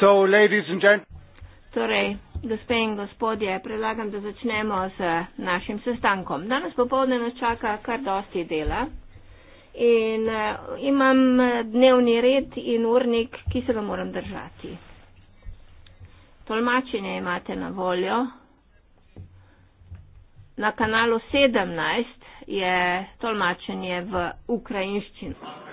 So, ladies and gentlemen. Torej, gospe in gospodje, predlagam, da začnemo s našim sestankom. Danes popovdne nas čaka kar dosti dela in uh, imam eh, dnevni red in urnik, ki se ga moram držati. Tolmačenje imate na voljo. Na kanalu 17 je tolmačenje v ukrajinščino.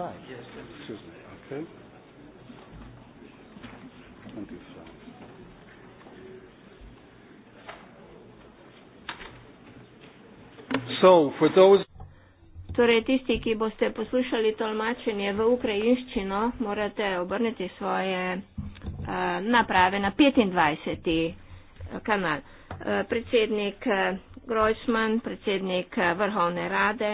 25. Yes, yes. Excuse me. Okay. 25. So, for those... Torej, tisti, ki boste poslušali tolmačenje v ukrajinščino, morate obrniti svoje uh, naprave na 25. Eh, kanal. Uh, predsednik uh, Grojsman, predsednik uh, Vrhovne rade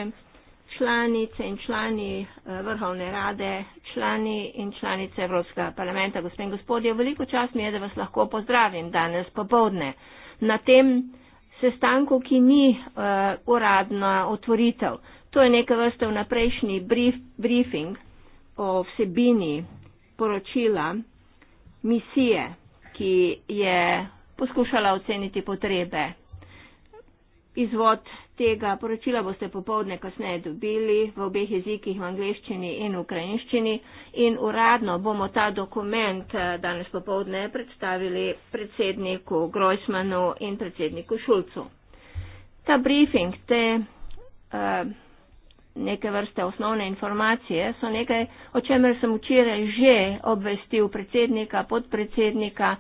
članice in člani eh, vrhovne rade, člani in članice Evropskega parlamenta, gospe in gospodje, veliko čas mi je, da vas lahko pozdravim danes popovdne na tem sestanku, ki ni uh, uradna otvoritev. To je neka vrsta vnaprejšnji brief, briefing o vsebini poročila misije, ki je poskušala oceniti potrebe. Izvod tega poročila boste popovdne kasneje dobili v obeh jezikih, v angliščini in ukrajinščini. In uradno bomo ta dokument eh, danes popovdne predstavili predsedniku Grojsmanu in predsedniku Šulcu. Ta briefing, te uh, neke vrste osnovne informacije so nekaj, o čemer sem včeraj že obvestil predsednika, podpredsednika.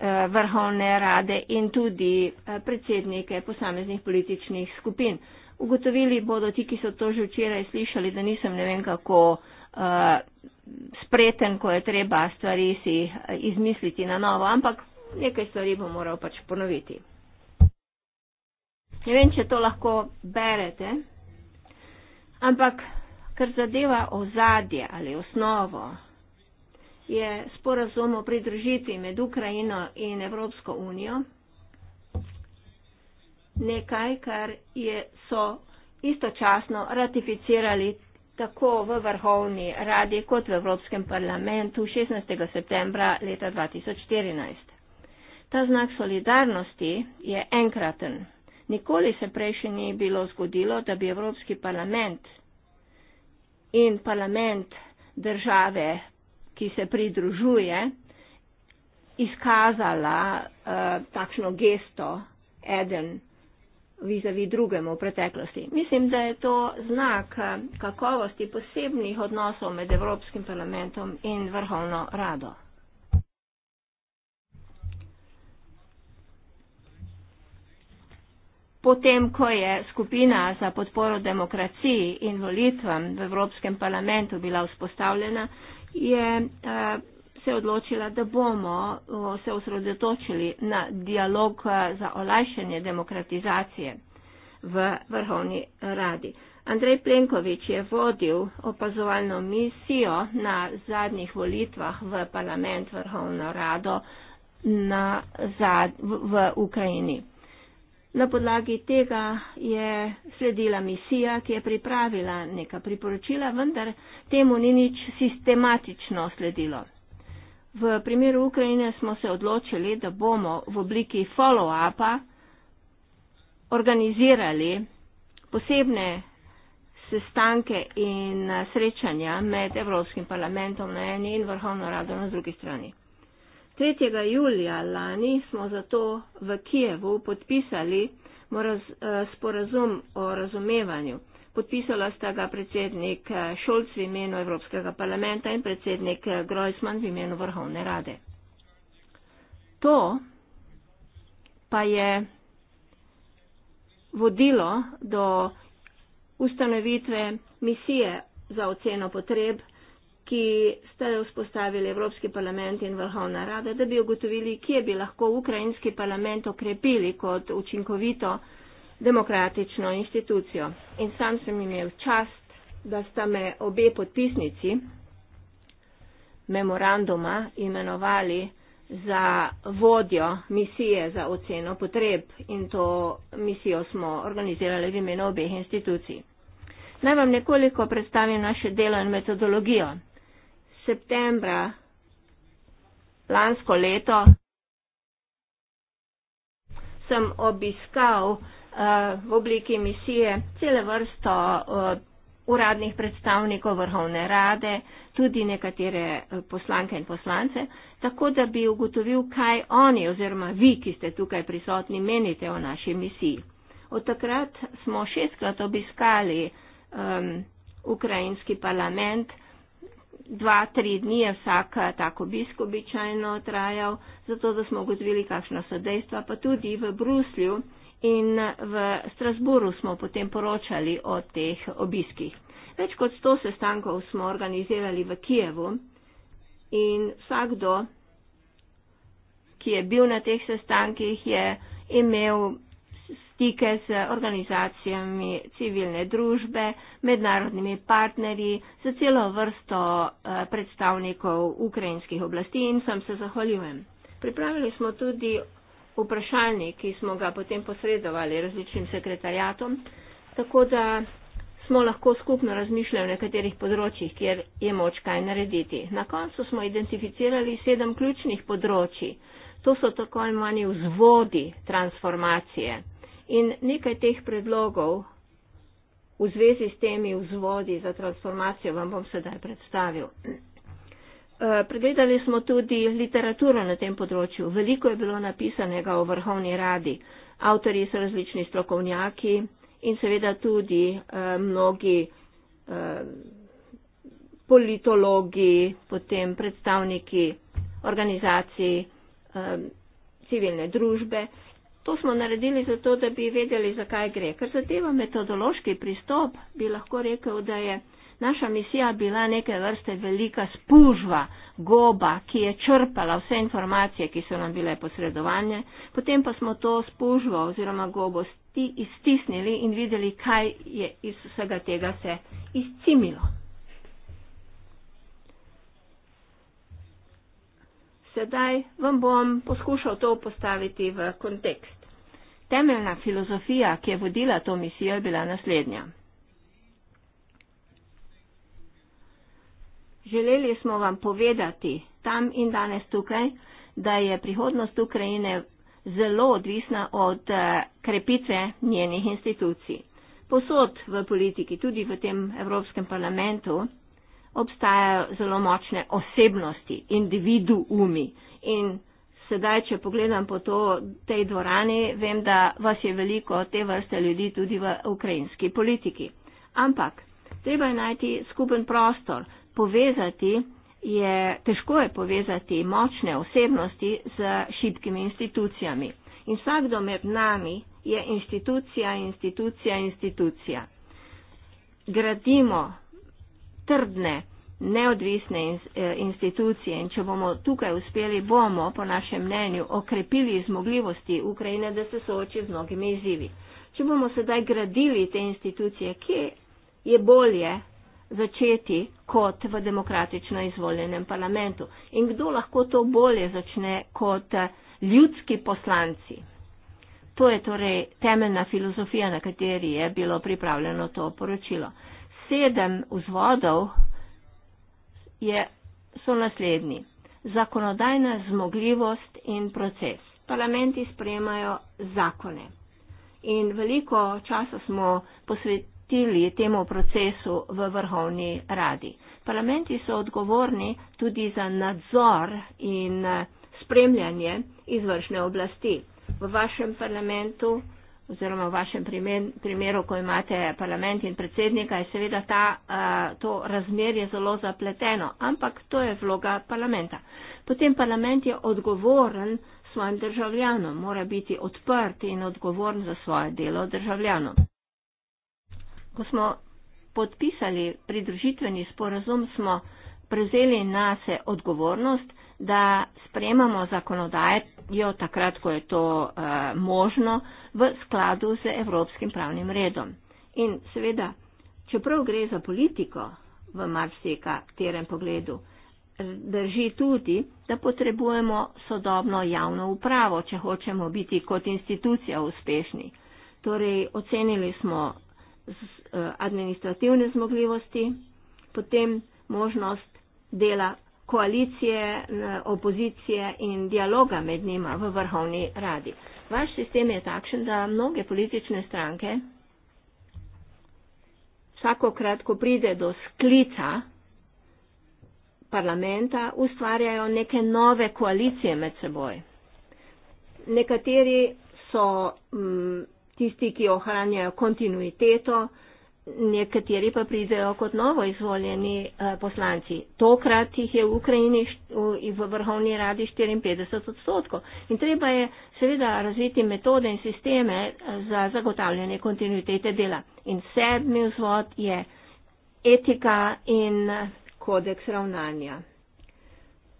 Eh, vrhovne rade in tudi eh, predsednike posameznih političnih skupin. Ugotovili bodo ti, ki so to že včeraj slišali, da nisem ne vem kako uh, spreten, ko je treba stvari si izmisliti na novo, ampak nekaj stvari bom moral pač ponoviti. Ne vem, če to lahko berete, ampak kar zadeva ozadje ali osnovo je sporazum o pridružitvi med Ukrajino in Evropsko unijo nekaj, kar je, so istočasno ratificirali tako v Vrhovni radi kot v Evropskem parlamentu 16. septembra leta 2014. Ta znak solidarnosti je enkraten. Nikoli se prej še ni bilo zgodilo, da bi Evropski parlament in parlament države ki se pridružuje, izkazala uh, takšno gesto eden vizavi drugemu v preteklosti. Mislim, da je to znak eh, kakovosti posebnih odnosov med Evropskim parlamentom in vrhovno rado. Potem, ko je skupina za podporo demokraciji in volitvam v Evropskem parlamentu bila vzpostavljena, je eh, se odločila, da bomo eh, se osredotočili na dialog eh, za olajšanje demokratizacije v vrhovni radi. Andrej Plenković je vodil opazovalno misijo na zadnjih volitvah v parlament vrhovno rado na, za, v, v Ukrajini. Na podlagi tega je sledila misija, ki je pripravila neka priporočila, vendar temu ni nič sistematično sledilo. V primeru Ukrajine smo se odločili, da bomo v obliki follow-upa organizirali posebne sestanke in srečanja med Evropskim parlamentom na eni in vrhovno rado na drugi strani. 3. julija lani smo zato v Kijevu podpisali eh, sporazum o razumevanju. Podpisala sta ga predsednik eh, Šolc v imenu Evropskega parlamenta in predsednik eh, Grojsman v imenu Vrhovne rade. To pa je vodilo do ustanovitve misije za oceno potreb ki sta jo vzpostavili Evropski parlament in Vrhovna rada, da bi ugotovili, kje bi lahko ukrajinski parlament okrepili kot učinkovito demokratično institucijo. In sam sem imel čast, da sta me obe podpisnici memoranduma imenovali za vodjo misije za oceno potreb in to misijo smo organizirali v imenu obeh institucij. Naj vam nekoliko predstavim naše delo in metodologijo septembra lansko leto sem obiskal uh, v obliki misije cele vrsto uh, uradnih predstavnikov Vrhovne rade, tudi nekatere eh, poslanke in poslance, tako da bi ugotovil, kaj oni oziroma vi, ki ste tukaj prisotni, menite o naši misiji. Od takrat smo šestkrat obiskali um, ukrajinski parlament, dva, tri dni je vsak eh, tako obisk običajno trajal, zato da smo ugotovili, kakšna so dejstva, pa tudi v Bruslju in eh, v Strasburu smo potem poročali o teh obiskih. Več kot sto sestankov smo organizirali v Kijevu in vsakdo, ki je bil na teh sestankih, je imel stike z organizacijami civilne družbe, mednarodnimi partnerji, z celo vrsto eh, predstavnikov ukrajinskih oblasti in sem se zahvaljujem. Pripravili smo tudi vprašalnik, ki smo ga potem posredovali različnim sekretarjatom, tako da smo lahko skupno razmišljali o nekaterih področjih, kjer je moč kaj narediti. Na koncu smo identificirali sedem ključnih področji. To so tako imenovani vzvodi transformacije. In nekaj teh predlogov v zvezi s temi vzvodi za transformacijo vam bom sedaj predstavil. Eh, pregledali smo tudi literaturo na tem področju. Veliko je bilo napisanega o vrhovni radi. Avtori so različni strokovnjaki in seveda tudi eh, mnogi eh, politologi, potem predstavniki organizacij civilne družbe. To smo naredili zato, da bi vedeli, zakaj gre. Ker zadeva metodološki pristop, bi lahko rekel, da je naša misija bila neke vrste velika spužva, goba, ki je črpala vse informacije, ki so nam bile posredovanje. Potem pa smo to spužvo oziroma gobo sti, iztisnili in videli, kaj je iz vsega tega se izcimilo. Sedaj vam bom poskušal to postaviti v kontekst. Temeljna filozofija, ki je vodila to misijo, je bila naslednja. Želeli smo vam povedati tam in danes tukaj, da je prihodnost Ukrajine zelo odvisna od eh, krepitve njenih institucij. Posod v politiki, tudi v tem Evropskem parlamentu, obstajajo zelo močne osebnosti, individuumi in sedaj, če pogledam po to, tej dvorani, vem, da vas je veliko te vrste ljudi tudi v ukrajinski politiki. Ampak treba je najti skupen prostor, povezati je, težko je povezati močne osebnosti z šibkimi institucijami. In vsakdo med nami je institucija, institucija, institucija. Gradimo trdne neodvisne eh, institucije in če bomo tukaj uspeli, bomo, po našem mnenju, okrepili zmogljivosti Ukrajine, da se sooči z mnogimi izzivi. Če bomo sedaj gradili te institucije, kje je bolje začeti kot v demokratično izvoljenem parlamentu in kdo lahko to bolje začne kot eh, ljudski poslanci. To je torej temeljna filozofija, na kateri je bilo pripravljeno to poročilo. Sedem vzvodov je, so naslednji. Zakonodajna zmogljivost in proces. Parlamenti sprejemajo zakone. In veliko časa smo posvetili temu procesu v Vrhovni radi. Parlamenti so odgovorni tudi za nadzor in eh, spremljanje izvršne oblasti. V vašem parlamentu oziroma v vašem primeru, ko imate parlament in predsednika, je seveda ta, to razmerje zelo zapleteno, ampak to je vloga parlamenta. Potem parlament je odgovoren svojim državljanom, mora biti odprt in odgovoren za svoje delo državljanom. Ko smo podpisali pridružitveni sporazum, smo prevzeli nase odgovornost, da sprejemamo zakonodajo takrat, ko je to uh, možno, v skladu z evropskim pravnim redom. In seveda, čeprav gre za politiko v marsikaterem pogledu, drži tudi, da potrebujemo sodobno javno upravo, če hočemo biti kot institucija uspešni. Torej, ocenili smo z, uh, administrativne zmogljivosti, potem možnost dela koalicije, opozicije in dialoga med njima v vrhovni radi. Vaš sistem je takšen, da mnoge politične stranke vsakokrat, ko pride do sklica parlamenta, ustvarjajo neke nove koalicije med seboj. Nekateri so m, tisti, ki ohranjajo kontinuiteto, nekateri pa pridejo kot novo izvoljeni eh, poslanci. Tokrat jih je v Ukrajini v vrhovni radi 54 odstotkov. In treba je seveda razviti metode in sisteme eh, za zagotavljanje kontinuitete dela. In sedmi vzvod je etika in eh, kodeks ravnanja.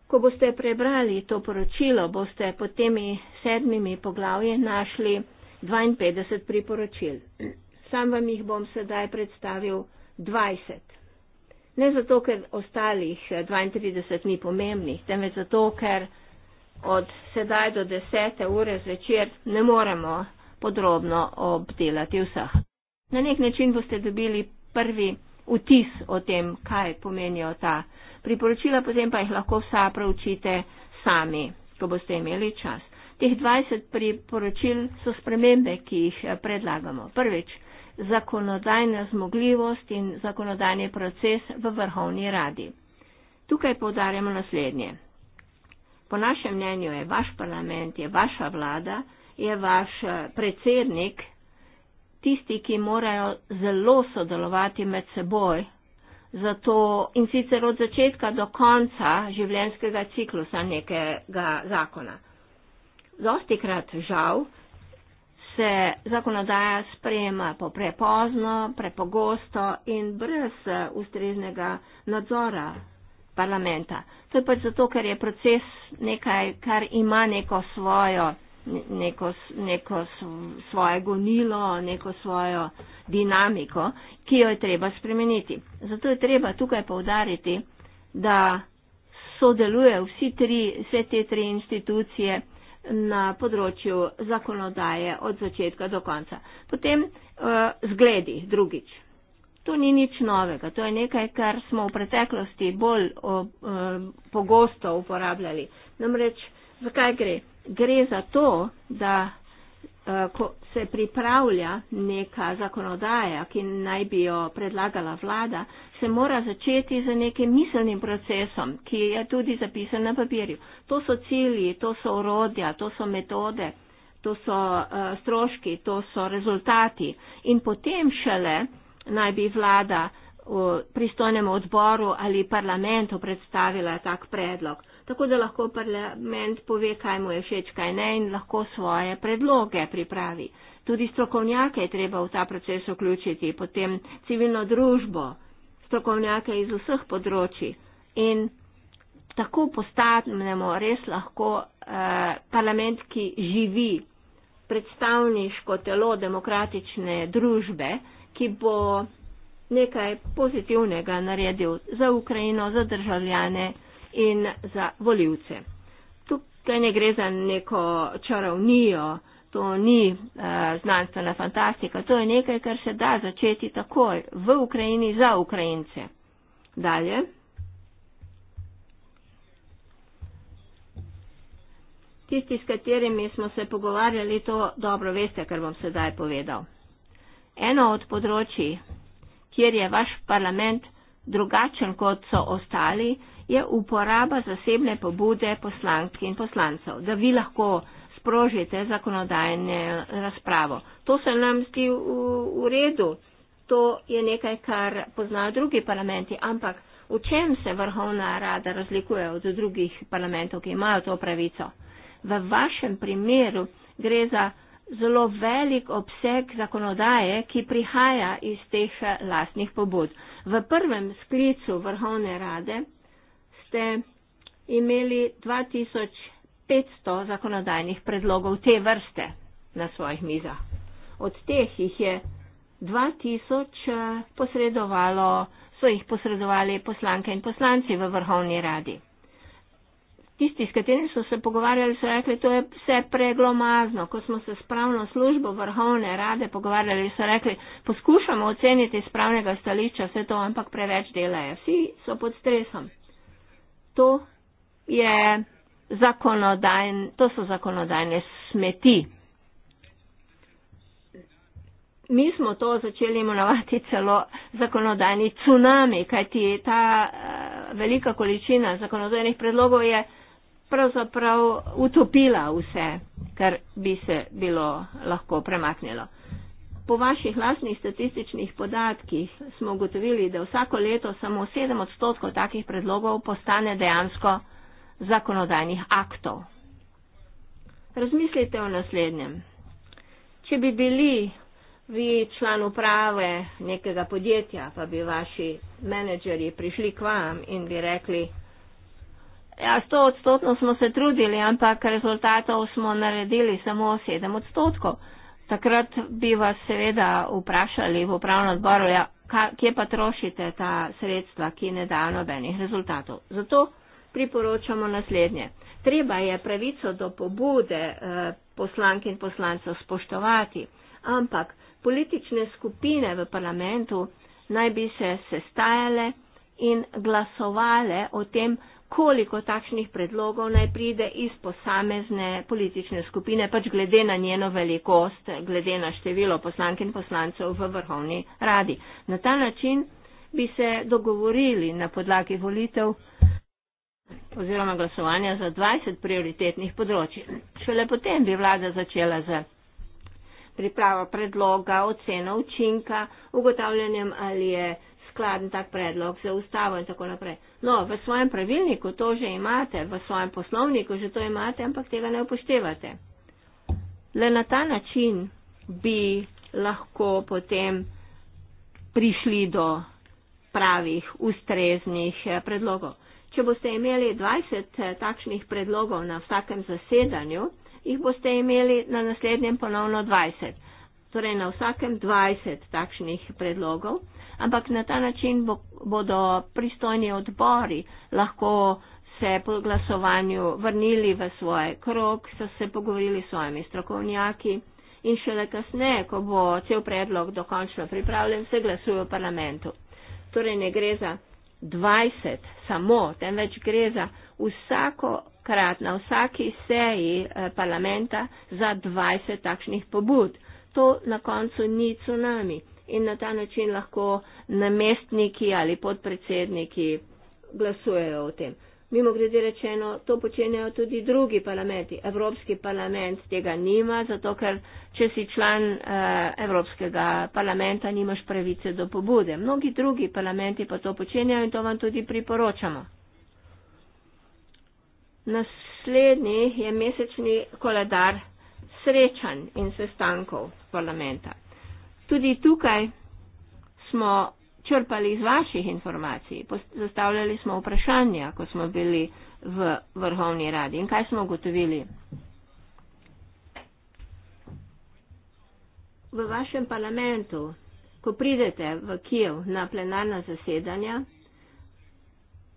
Ko boste prebrali to poročilo, boste pod temi sedmimi poglavji našli 52 priporočil sam vam jih bom sedaj predstavil 20. Ne zato, ker ostalih 32 eh, ni pomembnih, temveč zato, ker od sedaj do 10. ure zvečer ne moremo podrobno obdelati vseh. Na nek način boste dobili prvi vtis o tem, kaj pomenijo ta priporočila, potem pa jih lahko vsa preučite sami, ko boste imeli čas. Teh 20 priporočil so spremembe, ki jih eh, predlagamo. Prvič, zakonodajna zmogljivost in zakonodajni proces v vrhovni radi. Tukaj povdarjamo naslednje. Po našem mnenju je vaš parlament, je vaša vlada, je vaš eh, predsednik tisti, ki morajo zelo sodelovati med seboj. Zato in sicer od začetka do konca življenjskega ciklusa nekega zakona. Dostikrat žal se zakonodaja sprejema poprepozno, prepogosto in brez eh, ustreznega nadzora parlamenta. To je pač zato, ker je proces nekaj, kar ima neko svojo, neko, neko svoje gonilo, neko svojo dinamiko, ki jo je treba spremeniti. Zato je treba tukaj povdariti, da sodelujejo vsi tri, vse te tri institucije, na področju zakonodaje od začetka do konca. Potem uh, zgledi drugič. To ni nič novega, to je nekaj, kar smo v preteklosti bolj uh, pogosto uporabljali. Namreč, zakaj gre? Gre za to, da Eh, ko se pripravlja neka zakonodaja, ki naj bi jo predlagala vlada, se mora začeti z nekim miselnim procesom, ki je tudi zapisan na papirju. To so cilji, to so orodja, to so metode, to so eh, stroški, to so rezultati in potem šele naj bi vlada v pristojnem odboru ali parlamentu predstavila tak predlog tako da lahko parlament pove, kaj mu je všeč, kaj ne in lahko svoje predloge pripravi. Tudi strokovnjake je treba v ta proces vključiti, potem civilno družbo, strokovnjake iz vseh področji in tako postanemo res lahko eh, parlament, ki živi predstavniško telo demokratične družbe, ki bo nekaj pozitivnega naredil za Ukrajino, za državljane in za voljivce. Tukaj ne gre za neko čarovnijo, to ni uh, znanstvena fantastika, to je nekaj, kar se da začeti takoj v Ukrajini za Ukrajince. Dalje. Tisti, s katerimi smo se pogovarjali, to dobro veste, kar bom sedaj povedal. Eno od področji, kjer je vaš parlament drugačen kot so ostali, je uporaba zasebne pobude poslank in poslancev, da vi lahko sprožite zakonodajne razpravo. To se nam zdi v, v redu, to je nekaj, kar poznajo drugi parlamenti, ampak v čem se vrhovna rada razlikuje od drugih parlamentov, ki imajo to pravico? V vašem primeru gre za zelo velik obseg zakonodaje, ki prihaja iz teh lastnih pobud. V prvem sklicu vrhovne rade ste imeli 2500 zakonodajnih predlogov te vrste na svojih mizah. Od teh jih je 2000 eh, posredovalo, so jih posredovali poslanke in poslanci v vrhovni radi tisti, s katerim so se pogovarjali, so rekli, to je vse preglomazno. Ko smo se s pravno službo vrhovne rade pogovarjali, so rekli, poskušamo oceniti iz pravnega stališča vse to, ampak preveč dela je. Vsi so pod stresom. To, je zakonodajn, to so zakonodajne smeti. Mi smo to začeli imenovati celo zakonodajni tsunami, kajti ta eh, velika količina zakonodajnih predlogov je pravzaprav utopila vse, kar bi se bilo lahko premaknilo. Po vaših lastnih statističnih podatkih smo ugotovili, da vsako leto samo 7 odstotkov takih predlogov postane dejansko zakonodajnih aktov. Razmislite o naslednjem. Če bi bili vi član uprave nekega podjetja, pa bi vaši menedžeri prišli k vam in bi rekli, Ja, sto odstotno smo se trudili, ampak rezultatov smo naredili samo sedem odstotkov. Takrat bi vas seveda vprašali v upravnem odboru, ja, kje pa trošite ta sredstva, ki ne dajo nobenih rezultatov. Zato priporočamo naslednje. Treba je pravico do pobude eh, poslank in poslancev spoštovati, ampak politične skupine v parlamentu naj bi se sestajale in glasovale o tem, koliko takšnih predlogov naj pride iz posamezne politične skupine, pač glede na njeno velikost, glede na število poslank in poslancev v vrhovni radi. Na ta način bi se dogovorili na podlagi volitev oziroma glasovanja za 20 prioritetnih področji. Šele potem bi vlada začela z pripravo predloga, oceno učinka, ugotavljanjem, ali je skladen tak predlog za ustavo in tako naprej. No, v svojem pravilniku to že imate, v svojem poslovniku že to imate, ampak tega ne upoštevate. Le na ta način bi lahko potem prišli do pravih, ustreznih eh, predlogov. Če boste imeli 20 eh, takšnih predlogov na vsakem zasedanju, jih boste imeli na naslednjem ponovno 20 torej na vsakem 20 takšnih predlogov, ampak na ta način bo, bodo pristojni odbori lahko se po glasovanju vrnili v svoje krok, so se pogovorili s svojimi strokovnjaki in šele kasneje, ko bo cel predlog dokončno pripravljen, se glasuje v parlamentu. Torej ne gre za 20 samo, temveč gre za vsako krat na vsaki seji eh, parlamenta za 20 takšnih pobud to na koncu ni tsunami in na ta način lahko namestniki ali podpredsedniki glasujejo o tem. Mimo grede rečeno, to počenjajo tudi drugi parlamenti. Evropski parlament tega nima, zato ker če si član eh, Evropskega parlamenta, nimaš pravice do pobude. Mnogi drugi parlamenti pa to počenjajo in to vam tudi priporočamo. Naslednji je mesečni koledar srečanj in sestankov parlamenta. Tudi tukaj smo črpali iz vaših informacij, zastavljali smo vprašanja, ko smo bili v vrhovni radi in kaj smo ugotovili. V vašem parlamentu, ko pridete v Kijev na plenarna zasedanja,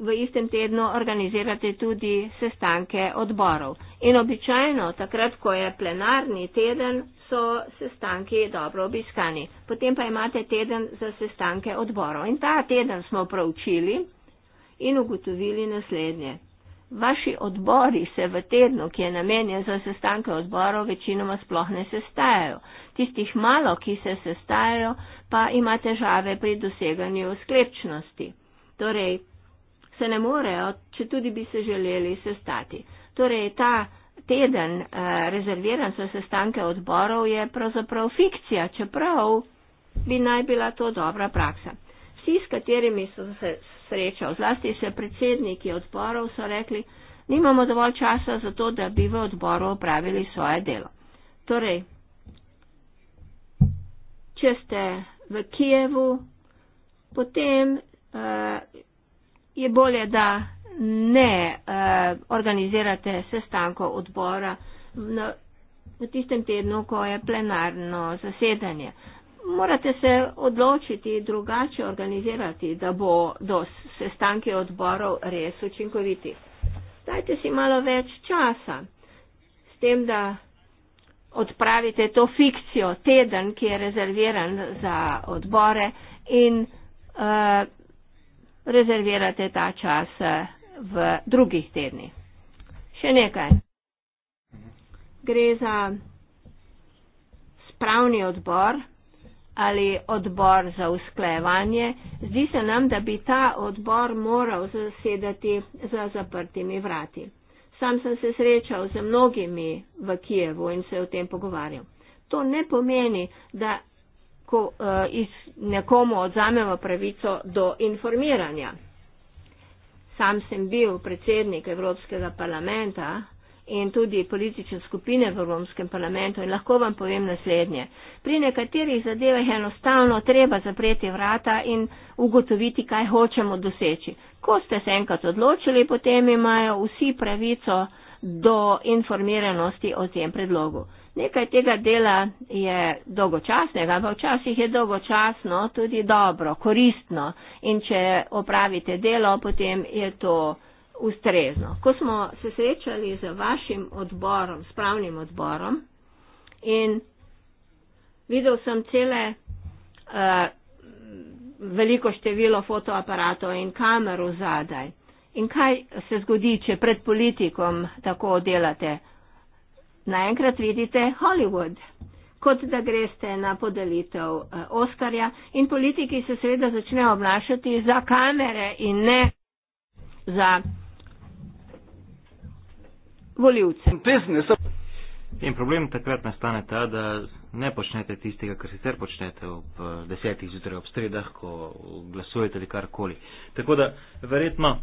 v istem tednu organizirate tudi sestanke odborov. In običajno, takrat, ko je plenarni teden, so sestanki dobro obiskani. Potem pa imate teden za sestanke odborov. In ta teden smo proučili in ugotovili naslednje. Vaši odbori se v tednu, ki je namenjen za sestanke odborov, večinoma sploh ne sestajajo. Tistih malo, ki se sestajajo, pa ima težave pri doseganju sklepčnosti. Torej, se ne morejo, če tudi bi se želeli sestati. Torej, ta teden eh, rezerviran za sestanke odborov je pravzaprav fikcija, čeprav bi naj bila to dobra praksa. Vsi, s katerimi so se srečali, zlasti se predsedniki odborov, so rekli, nimamo dovolj časa za to, da bi v odboru opravili svoje delo. Torej, če ste v Kijevu, potem. Eh, je bolje, da ne eh, organizirate sestankov odbora na, na tistem tednu, ko je plenarno zasedanje. Morate se odločiti drugače organizirati, da bo do sestanke odborov res učinkoviti. Dajte si malo več časa s tem, da odpravite to fikcijo, teden, ki je rezerviran za odbore in uh, rezervirate ta čas eh, v drugih tednih. Še nekaj. Gre za spravni odbor ali odbor za usklejevanje. Zdi se nam, da bi ta odbor moral zasedati za zaprtimi vrati. Sam sem se srečal z mnogimi v Kijevu in se o tem pogovarjal. To ne pomeni, da lahko uh, eh, iz nekomu odzamemo pravico do informiranja. Sam sem bil predsednik Evropskega parlamenta in tudi politične skupine v Evropskem parlamentu in lahko vam povem naslednje. Pri nekaterih zadevah je enostavno treba zapreti vrata in ugotoviti, kaj hočemo doseči. Ko ste se enkrat odločili, potem imajo vsi pravico do informiranosti o tem predlogu. Nekaj tega dela je dolgočasnega, ampak včasih je dolgočasno tudi dobro, koristno in če opravite delo, potem je to ustrezno. Ko smo se srečali z vašim odborom, spravnim odborom in videl sem cele uh, veliko število fotoaparatov in kamer v zadaj. In kaj se zgodi, če pred politikom tako delate? naenkrat vidite Hollywood, kot da greste na podelitev eh, Oskarja in politiki se seveda začnejo obnašati za kamere in ne za voljivce. In problem takrat nastane ta, da ne počnete tistega, kar sicer počnete ob eh, desetih zjutraj ob stredah, ko glasujete ali karkoli. Tako da verjetno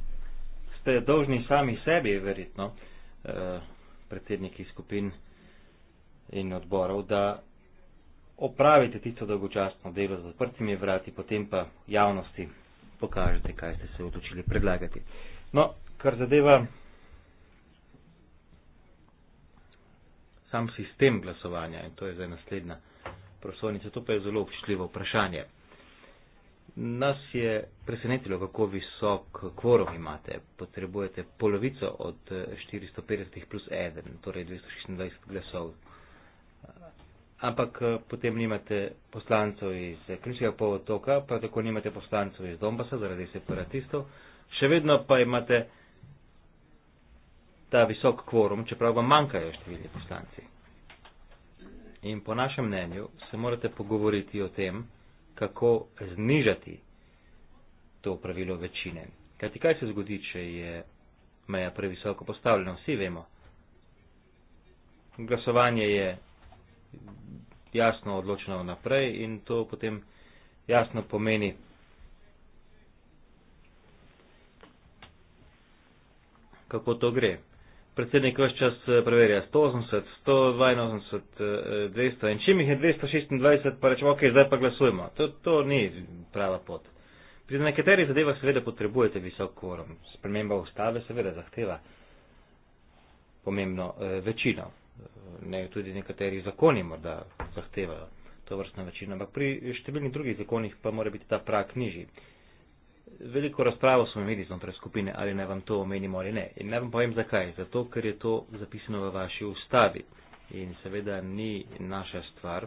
ste dolžni sami sebi, verjetno, eh, predsedniki skupin in odborov, da opravite tisto dolgočasno delo z odprtimi vrati, potem pa javnosti pokažete, kaj ste se odločili predlagati. No, kar zadeva sam sistem glasovanja in to je zdaj naslednja prosovnica, to pa je zelo občutljivo vprašanje. Nas je presenetilo, kako visok kvorum imate. Potrebujete polovico od 450 eh, plus 1, torej 226 glasov. Ampak eh, potem nimate poslancev iz eh, Krimskega polotoka, prav tako nimate poslancev iz Dombasa zaradi separatistov. Še vedno pa imate ta visok kvorum, čeprav vam manjkajo številni poslanci. In po našem mnenju se morate pogovoriti o tem, kako znižati to pravilo večine. Kajti kaj se zgodi, če je meja previsoko postavljena, vsi vemo. Glasovanje je jasno odločeno naprej in to potem jasno pomeni. Kako to gre? predsednik vse čas eh, preverja 180, 182, 200 in čim jih je 226, pa rečemo, ok, zdaj pa glasujemo. To, to ni prava pot. Pri nekaterih zadevah seveda potrebujete visok kvorum. Sprememba ustave seveda zahteva pomembno eh, večino. Ne, tudi nekateri zakoni morda zahtevajo to vrstno večino, ampak pri številnih drugih zakonih pa mora biti ta prak nižji. Veliko razpravo smo imeli znotraj skupine, ali naj vam to omenimo ali ne. In naj vam povem zakaj. Zato, ker je to zapisano v vaši ustavi. In seveda ni naša stvar,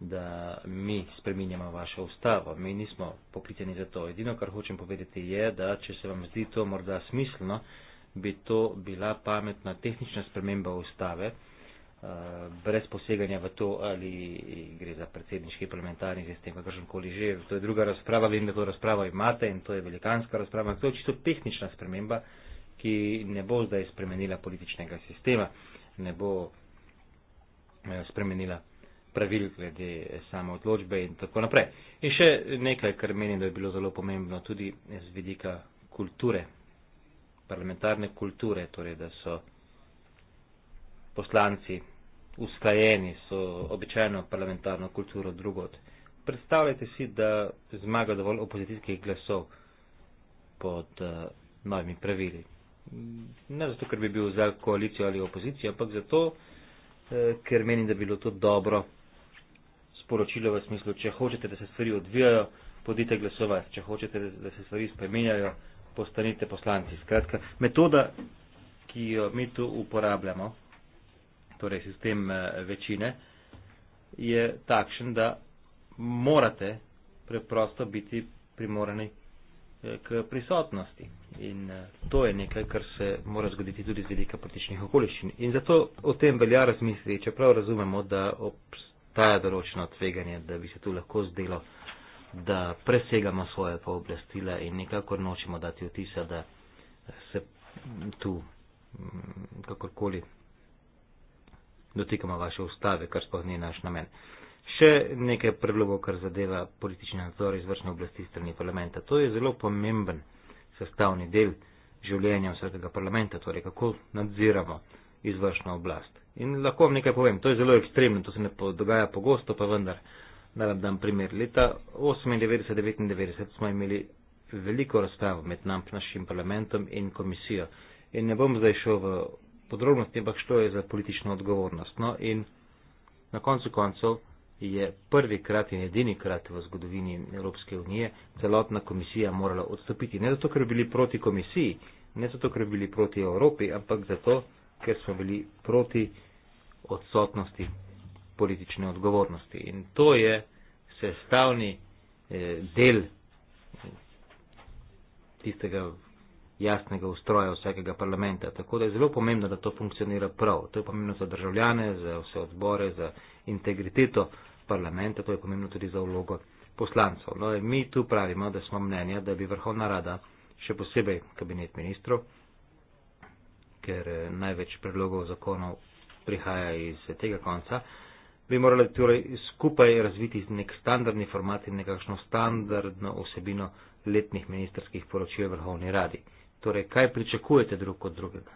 da mi spreminjamo vašo ustavo. Mi nismo poklicani za to. Edino, kar hočem povedati, je, da če se vam zdi to morda smiselno, bi to bila pametna tehnična sprememba ustave. Eh, brez poseganja v to, ali gre za predsedniški parlamentarni sistem, kakršen koli že. To je druga razprava, vem, da to razpravo imate in to je velikanska razprava. To je čisto tehnična sprememba, ki ne bo zdaj spremenila političnega sistema, ne bo eh, spremenila pravil glede samo odločbe in tako naprej. In še nekaj, kar menim, da je bilo zelo pomembno tudi z vidika kulture, parlamentarne kulture, torej da so poslanci usklajeni so običajno parlamentarno kulturo drugot. Predstavljajte si, da zmaga dovolj opozicijskih glasov pod uh, novimi pravili. Ne zato, ker bi bil za koalicijo ali opozicijo, ampak zato, uh, ker menim, da bi bilo to dobro sporočilo v smislu, če hočete, da se stvari odvijajo, podite glasovati. Če hočete, da se stvari spremenjajo, postanite poslanci. Skratka, metoda, ki jo mi tu uporabljamo, torej sistem eh, večine, je takšen, da morate preprosto biti primorani eh, k prisotnosti. In eh, to je nekaj, kar se mora zgoditi tudi z velika političnih okoliščin. In zato o tem velja razmisliti, čeprav razumemo, da obstaja določeno tveganje, da bi se tu lahko zdelo, da presegamo svoje pooblastila in nikakor nočemo dati vtisa, da se tu mm, kakorkoli dotikamo vaše ustave, kar sploh ni naš namen. Še nekaj predlogov, kar zadeva politični nadzor izvršne oblasti strani parlamenta. To je zelo pomemben sestavni del življenja vsakega parlamenta, torej kako nadziramo izvršno oblast. In lahko vam nekaj povem, to je zelo ekstremno, to se ne dogaja pogosto, pa vendar, da vam dam primer. Leta 1998-1999 smo imeli veliko razpravo med nam, našim parlamentom in komisijo. In ne bom zdaj šel v podrobnosti, ampak šlo je za politično odgovornost. No in na koncu koncev je prvi krat in edini krat v zgodovini Evropske unije celotna komisija morala odstopiti. Ne zato, ker bi bili proti komisiji, ne zato, ker bi bili proti Evropi, ampak zato, ker smo bili proti odsotnosti politične odgovornosti. In to je sestavni eh, del eh, tistega jasnega ustroja vsakega parlamenta. Tako da je zelo pomembno, da to funkcionira prav. To je pomembno za državljane, za vse odbore, za integriteto parlamenta, to je pomembno tudi za vlogo poslancov. No, mi tu pravimo, da smo mnenja, da bi vrhovna rada, še posebej kabinet ministrov, ker eh, največ predlogov zakonov prihaja iz eh, tega konca, bi morali torej skupaj razviti nek standardni format in nekakšno standardno osebino letnih ministerskih poročil vrhovni radi. Torej, kaj pričakujete drug od drugega?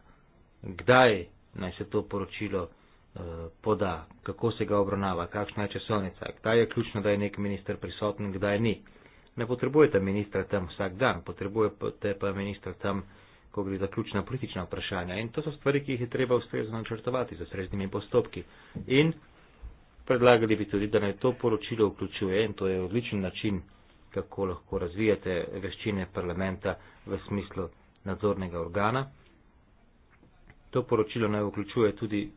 Kdaj naj se to poročilo eh, poda? Kako se ga obravnava? Kakšna je časovnica? Kdaj je ključno, da je nek minister prisoten, kdaj ni? Ne potrebujete ministra tam vsak dan, potrebujete pa ministra tam, ko gre za ključna politična vprašanja. In to so stvari, ki jih je treba ustrezno načrtovati z ustreznimi postopki. In predlagali bi tudi, da naj to poročilo vključuje, in to je odličen način, kako lahko razvijate veščine parlamenta v smislu nadzornega organa. To poročilo naj vključuje tudi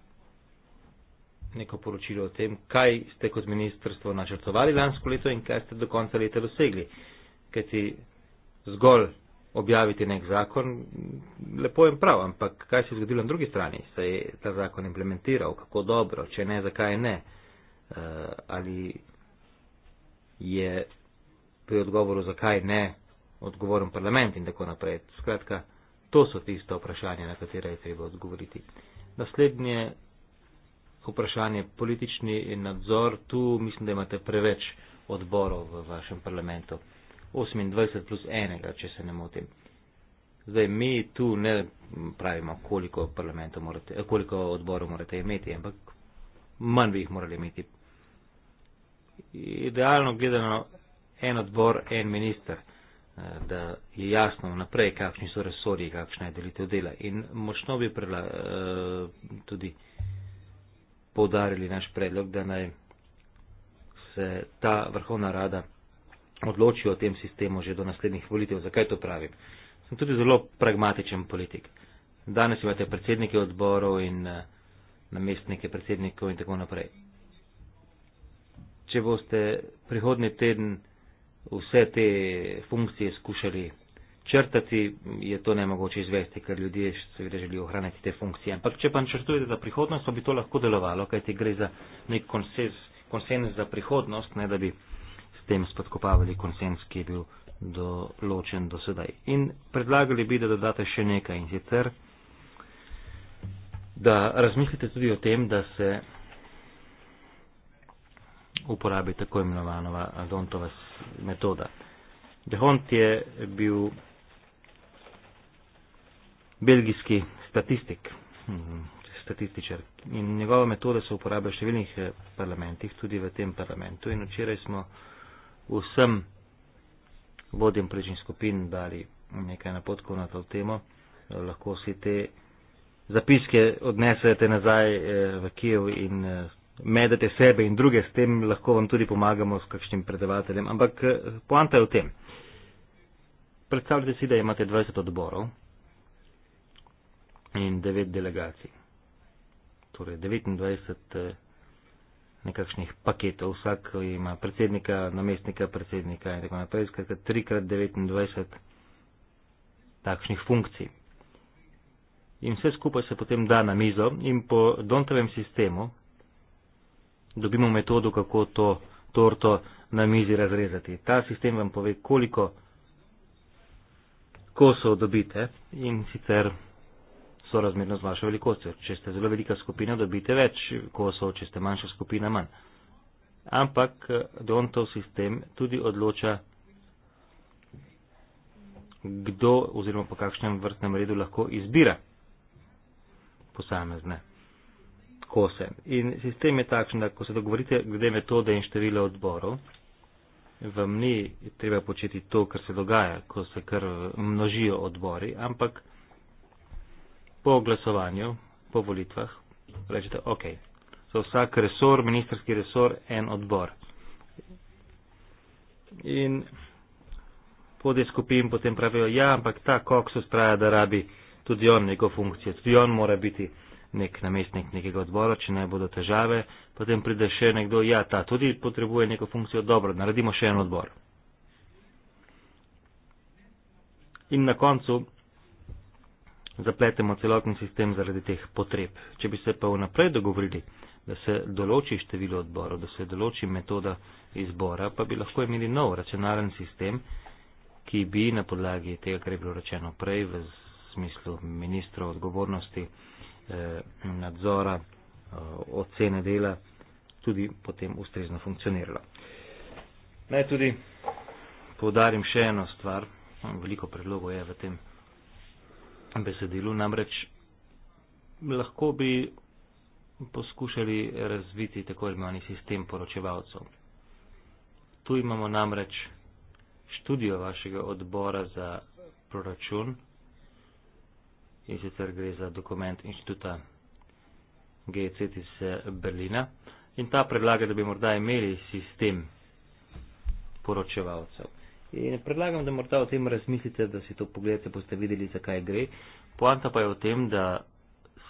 neko poročilo o tem, kaj ste kot ministrstvo načrtovali lansko leto in kaj ste do konca leta dosegli. Ker ti zgolj objaviti nek zakon, lepo in prav, ampak kaj se je zgodilo na drugi strani? Se je ta zakon implementiral, kako dobro, če ne, zakaj ne? Uh, ali je pri odgovoru, zakaj ne, odgovoren parlament in tako naprej. Skratka, to so tiste vprašanja, na katere je treba odgovoriti. Naslednje vprašanje, politični nadzor, tu mislim, da imate preveč odborov v vašem parlamentu. 28 plus enega, če se ne motim. Zdaj, mi tu ne pravimo, koliko, morate, koliko odborov morate imeti, ampak manj bi jih morali imeti. Idealno gledano, en odbor, en minister. Eh, da je jasno vnaprej, kakšni so resori, kakšna je delitev dela. In močno bi prela, eh, tudi podarili naš predlog, da naj se ta vrhovna rada odloči o tem sistemu že do naslednjih volitev. Zakaj to pravim? Sem tudi zelo pragmatičen politik. Danes imate predsednike odborov in eh, namestnike predsednikov in tako naprej. Če boste prihodni teden vse te funkcije skušali črtati, je to nemogoče izvesti, ker ljudje seveda želijo ohraniti te funkcije. Ampak če pa načrtujete za prihodnost, pa bi to lahko delovalo, kajti gre za nek konsens, konsens za prihodnost, ne da bi s tem spodkopavali konsens, ki je bil določen do sedaj. In predlagali bi, da dodate še nekaj in sicer, da razmislite tudi o tem, da se uporabi tako imenovanova Dontova metoda. Dehont je bil belgijski statistik, mhm, statističar in njegove metode se uporabljajo v številnih eh, parlamentih, tudi v tem parlamentu in včeraj smo vsem vodim prejšnjih skupin dali nekaj napotkov na to temo. Eh, lahko si te zapiske odnesete nazaj eh, v Kijev in medete sebe in druge, s tem lahko vam tudi pomagamo s kakšnim predavateljem. Ampak eh, poanta je v tem. Predstavljajte si, da imate 20 odborov in 9 delegacij. Torej 29 eh, nekakšnih paketov, vsak ima predsednika, namestnika, predsednika in tako naprej, skratka 3 x 29 takšnih funkcij. In vse skupaj se potem da na mizo in po Dontovem sistemu, dobimo metodo, kako to torto na mizi razrezati. Ta sistem vam pove, koliko kosov dobite in sicer sorazmerno z vašo velikostjo. Če ste zelo velika skupina, dobite več kosov, če ste manjša skupina, manj. Ampak eh, Dontov sistem tudi odloča, kdo oziroma po kakšnem vrtnem redu lahko izbira posamezne kose. In sistem je takšen, da ko se dogovorite glede metode in števila odborov, vam ni treba početi to, kar se dogaja, ko se kar množijo odbori, ampak po glasovanju, po volitvah, rečete, ok, za vsak resor, ministerski resor, en odbor. In podje skupin potem pravijo, ja, ampak ta koksus traja, da rabi tudi on njegov funkcije, tudi on mora biti nek namestnik nekega odbora, če ne bodo težave, potem pride še nekdo, ja, ta tudi potrebuje neko funkcijo, dobro, naredimo še en odbor. In na koncu zapletemo celoten sistem zaradi teh potreb. Če bi se pa vnaprej dogovorili, da se določi število odborov, da se določi metoda izbora, pa bi lahko imeli nov racionalen sistem, ki bi na podlagi tega, kar je bilo rečeno prej v smislu ministrov odgovornosti, Eh, nadzora, eh, ocene dela, tudi potem ustrezno funkcioniralo. Naj tudi povdarim še eno stvar, veliko predlogov je v tem besedilu, namreč lahko bi poskušali razviti tako imenovani sistem poročevalcev. Tu imamo namreč študijo vašega odbora za proračun, in sicer gre za dokument inštituta GECT iz Berlina. In ta predlaga, da bi morda imeli sistem poročevalcev. In predlagam, da morda o tem razmislite, da si to pogledate, boste videli, zakaj gre. Poanta pa je v tem, da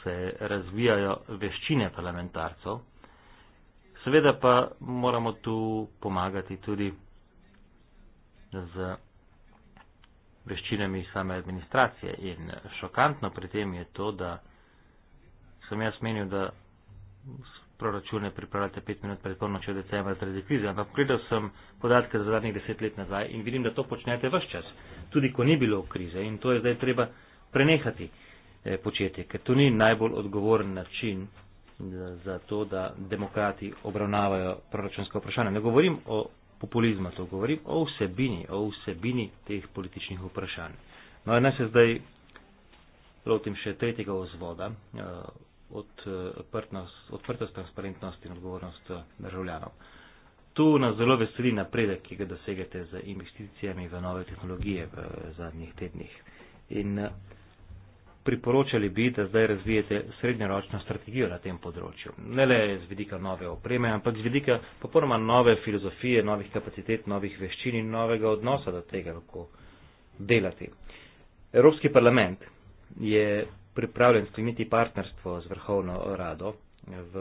se razvijajo veščine parlamentarcev. Seveda pa moramo tu pomagati tudi z veščinami same administracije. In šokantno pri tem je to, da sem jaz menil, da proračune pripravljate pet minut pred polnočjo decembra zaradi krize, ampak gledal sem podatke za zadnjih deset let nazaj in vidim, da to počnete vse čas, tudi ko ni bilo krize in to je zdaj treba prenehati eh, početi, ker to ni najbolj odgovoren način eh, za to, da demokrati obravnavajo proračunsko vprašanje. Ne govorim o populizma, to govorim o vsebini, o vsebini teh političnih vprašanj. No, in se zdaj lotim še tretjega ozvoda, eh, eh, odprtost, transparentnost in odgovornost eh, državljanov. Tu nas zelo veseli napredek, ki ga dosegete z investicijami v nove tehnologije v zadnjih tednih. In priporočali bi, da zdaj razvijete srednjeročno strategijo na tem področju. Ne le z vidika nove opreme, ampak z vidika popolnoma nove filozofije, novih kapacitet, novih veščin in novega odnosa do tega, kako delati. Evropski parlament je pripravljen skleniti partnerstvo z Vrhovno rado v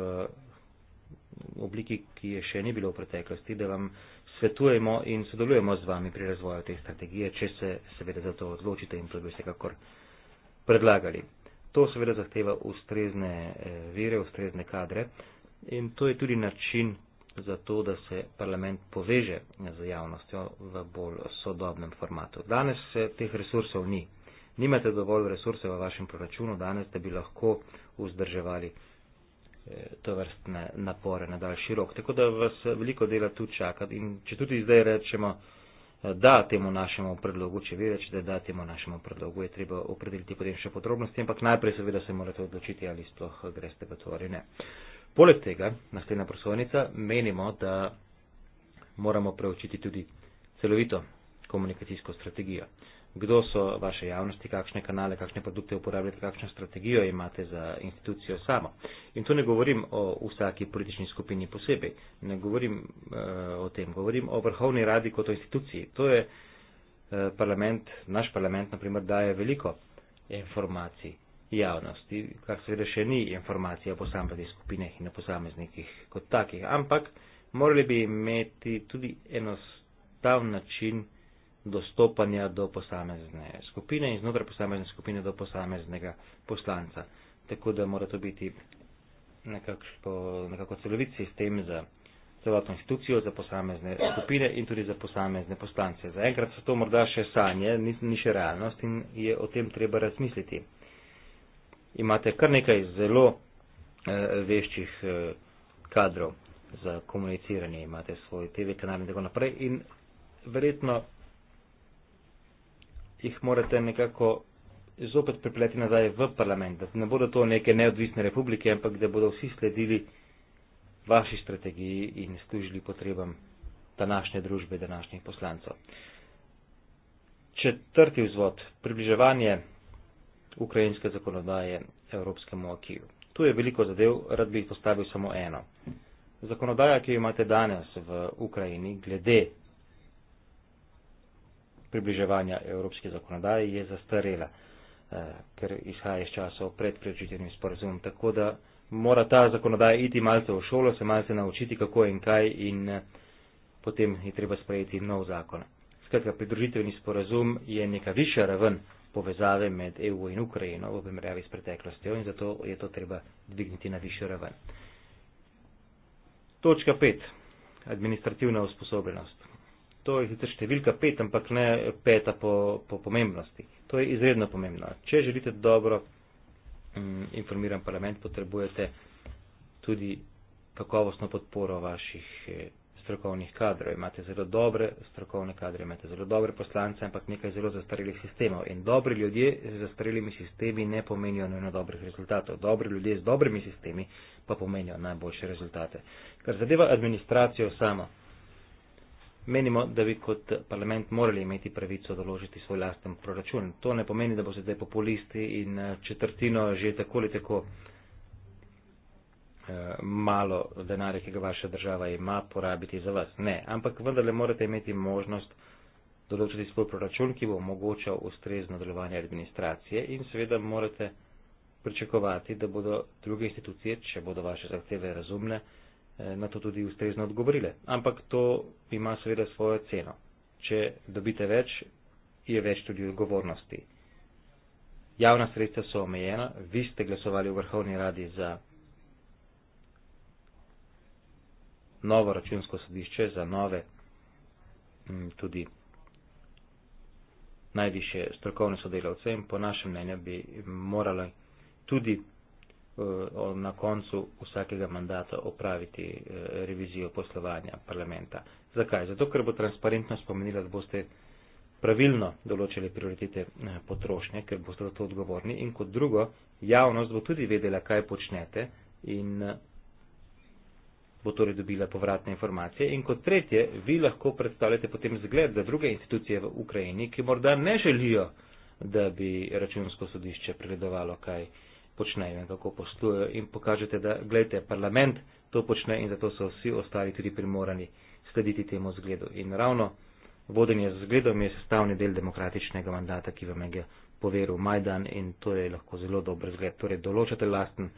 obliki, ki je še ni bilo v preteklosti, da vam svetujemo in sodelujemo z vami pri razvoju te strategije, če se seveda za to odločite in to bi vsekakor. kakor predlagali. To seveda zahteva ustrezne eh, vire, ustrezne kadre in to je tudi način za to, da se parlament poveže z javnostjo v bolj sodobnem formatu. Danes teh resursov ni. Nimate dovolj resursov v vašem proračunu danes, da bi lahko vzdrževali eh, to vrstne napore na daljši rok. Tako da vas veliko dela tu čaka in če tudi zdaj rečemo, da temu našemu predlogu, če ve več, da da temu našemu predlogu, je treba opredeliti potem še podrobnosti, ampak najprej seveda se morate odločiti, ali sploh greste v to ali ne. Poleg tega, naslednja prosovnica, menimo, da moramo preučiti tudi celovito komunikacijsko strategijo kdo so vaše javnosti, kakšne kanale, kakšne produkte uporabljate, kakšno strategijo imate za institucijo samo. In to ne govorim o vsaki politični skupini posebej, ne govorim uh, o tem, govorim o vrhovni radi kot o instituciji. To je uh, parlament, naš parlament, naprimer, daje veliko informacij javnosti, kar seveda še ni informacija o posameznih skupinah in o posameznikih kot takih, ampak morali bi imeti tudi enostaven način, dostopanja do posamezne skupine in znotraj posamezne skupine do posameznega poslanca. Tako da mora to biti nekako, nekako celovit sistem za celotno institucijo, za posamezne skupine in tudi za posamezne poslance. Zaenkrat so to morda še sanje, ni, ni še realnost in je o tem treba razmisliti. Imate kar nekaj zelo eh, veščih eh, kadrov za komuniciranje, imate svoj TV kanal in tako naprej in verjetno jih morate nekako zopet pripeljati nazaj v parlament, da ne bodo to neke neodvisne republike, ampak da bodo vsi sledili vaši strategiji in služili potrebam današnje družbe, današnjih poslancov. Četrti vzvod, približevanje ukrajinske zakonodaje Evropskemu okiju. Tu je veliko zadev, rad bi izpostavil samo eno. Zakonodaja, ki jo imate danes v Ukrajini, glede približevanja evropske zakonodaje je zastarela, eh, ker izhaja iz časov pred predvčitenim sporazumom. Tako da mora ta zakonodaja iti malce v šolo, se malce naučiti, kako in kaj in eh, potem je treba sprejeti nov zakon. Skratka, pridružitveni sporazum je neka višja raven povezave med EU in Ukrajino v primerjavi s preteklostjo in zato je to treba dvigniti na višjo raven. Točka 5. Administrativna usposobljenost. To je sicer številka pet, ampak ne peta po, po pomembnosti. To je izredno pomembno. Če želite dobro m, mm, informiran parlament, potrebujete tudi kakovostno podporo vaših eh, strokovnih kadrov. Imate zelo dobre strokovne kadre, imate zelo dobre poslance, ampak nekaj zelo zastarelih sistemov. In dobri ljudje z zastarelimi sistemi ne pomenijo nujno dobrih rezultatov. Dobri ljudje z dobrimi sistemi pa pomenijo najboljše rezultate. Kar zadeva administracijo samo. Menimo, da bi kot parlament morali imeti pravico doložiti svoj lasten proračun. To ne pomeni, da boste zdaj populisti in eh, četrtino že tako ali tako eh, malo denarja, ki ga vaša država ima, porabiti za vas. Ne, ampak vendarle morate imeti možnost določiti svoj proračun, ki bo omogočal ustrezno delovanje administracije in seveda morate pričakovati, da bodo druge institucije, če bodo vaše zahteve razumne, Eh, na to tudi ustrezno odgovorile. Ampak to ima seveda svojo ceno. Če dobite več, je več tudi odgovornosti. Javna sredstva so omejena, vi ste glasovali v Vrhovni radi za novo računsko sodišče, za nove mm, tudi najviše strokovne sodelavce in po našem mnenju bi morali tudi Eh, na koncu vsakega mandata opraviti eh, revizijo poslovanja parlamenta. Zakaj? Zato, ker bo transparentnost pomenila, da boste pravilno določili prioritete eh, potrošnje, ker boste za to odgovorni in kot drugo, javnost bo tudi vedela, kaj počnete in bo torej dobila povratne informacije in kot tretje, vi lahko predstavljate potem zgled za druge institucije v Ukrajini, ki morda ne želijo, da bi računsko sodišče pregledovalo, kaj počnejo in kako poslujejo in pokažete, da gledajte, parlament to počne in zato so vsi ostali tudi primorani slediti temu zgledu. In ravno vodenje z zgledom je sestavni del demokratičnega mandata, ki vam je poveril Majdan in to je lahko zelo dober zgled. Torej, določate lasten